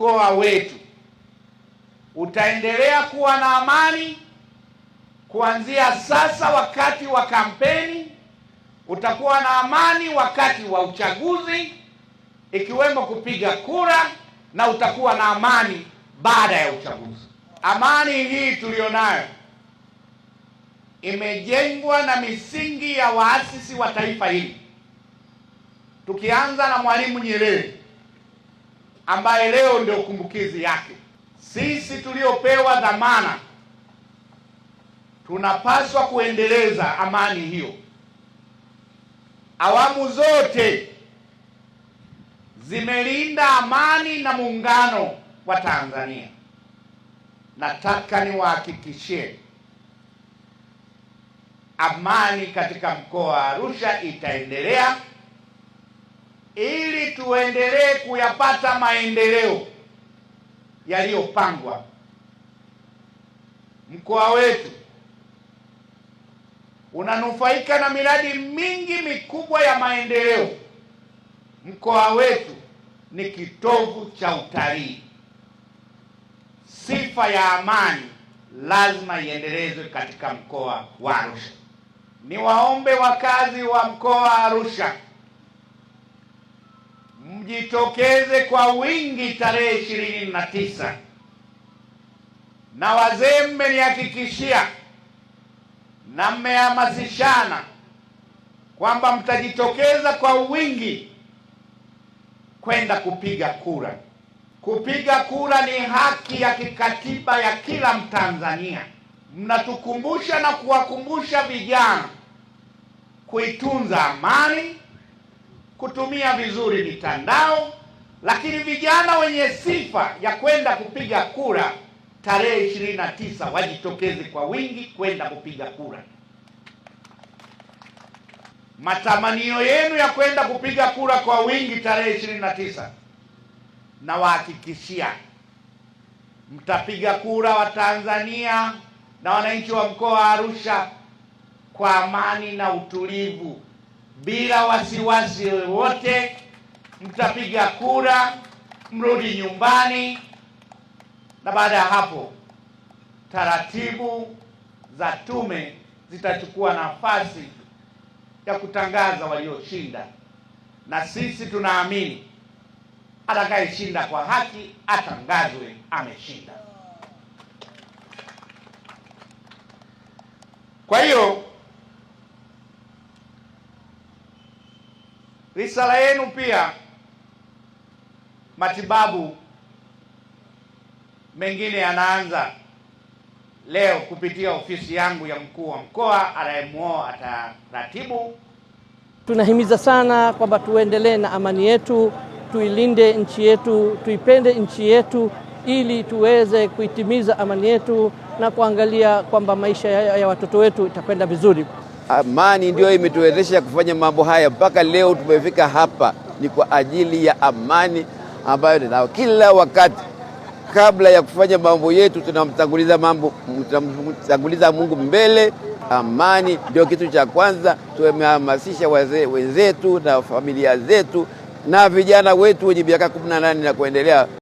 mkoa wetu utaendelea kuwa na amani kuanzia sasa, wakati wa kampeni utakuwa na amani wakati wa uchaguzi, ikiwemo kupiga kura, na utakuwa na amani baada ya uchaguzi. Amani hii tuliyonayo imejengwa na misingi ya waasisi wa taifa hili tukianza na Mwalimu Nyerere ambaye leo ndio kumbukizi yake. Sisi tuliopewa dhamana tunapaswa kuendeleza amani hiyo. Awamu zote zimelinda amani na muungano wa Tanzania. Nataka niwahakikishie amani katika mkoa wa Arusha itaendelea ili tuendelee kuyapata maendeleo yaliyopangwa. Mkoa wetu unanufaika na miradi mingi mikubwa ya maendeleo. Mkoa wetu ni kitovu cha utalii. Sifa ya amani lazima iendelezwe katika mkoa wa Arusha. Niwaombe wakazi wa mkoa wa Arusha mjitokeze kwa wingi tarehe ishirini na tisa na wazee mmenihakikishia na mmehamasishana kwamba mtajitokeza kwa wingi kwenda kupiga kura. Kupiga kura ni haki ya kikatiba ya kila Mtanzania. Mnatukumbusha na kuwakumbusha vijana kuitunza amani kutumia vizuri mitandao, lakini vijana wenye sifa ya kwenda kupiga kura tarehe 29 wajitokeze kwa wingi kwenda kupiga kura. Matamanio yenu ya kwenda kupiga kura kwa wingi tarehe 29, na nawahakikishia mtapiga kura wa Tanzania na wananchi wa mkoa wa Arusha kwa amani na utulivu bila wasiwasi wowote, mtapiga kura, mrudi nyumbani, na baada ya hapo taratibu za tume zitachukua nafasi ya kutangaza walioshinda, na sisi tunaamini atakayeshinda kwa haki atangazwe ameshinda. Kwa hiyo risala yenu pia matibabu mengine yanaanza leo kupitia ofisi yangu ya mkuu wa mkoa, anayemuoa ataratibu. Tunahimiza sana kwamba tuendelee na amani yetu, tuilinde nchi yetu, tuipende nchi yetu ili tuweze kuitimiza amani yetu na kuangalia kwamba maisha ya watoto wetu itakwenda vizuri. Amani ndio imetuwezesha kufanya mambo haya mpaka leo tumefika hapa, ni kwa ajili ya amani ambayo ninao kila wakati. Kabla ya kufanya mambo yetu, tunamtanguliza mambo, tunamtanguliza Mungu mbele. Amani ndio kitu cha kwanza. Tumehamasisha wazee wenzetu na familia zetu na vijana wetu wenye miaka kumi na nane na kuendelea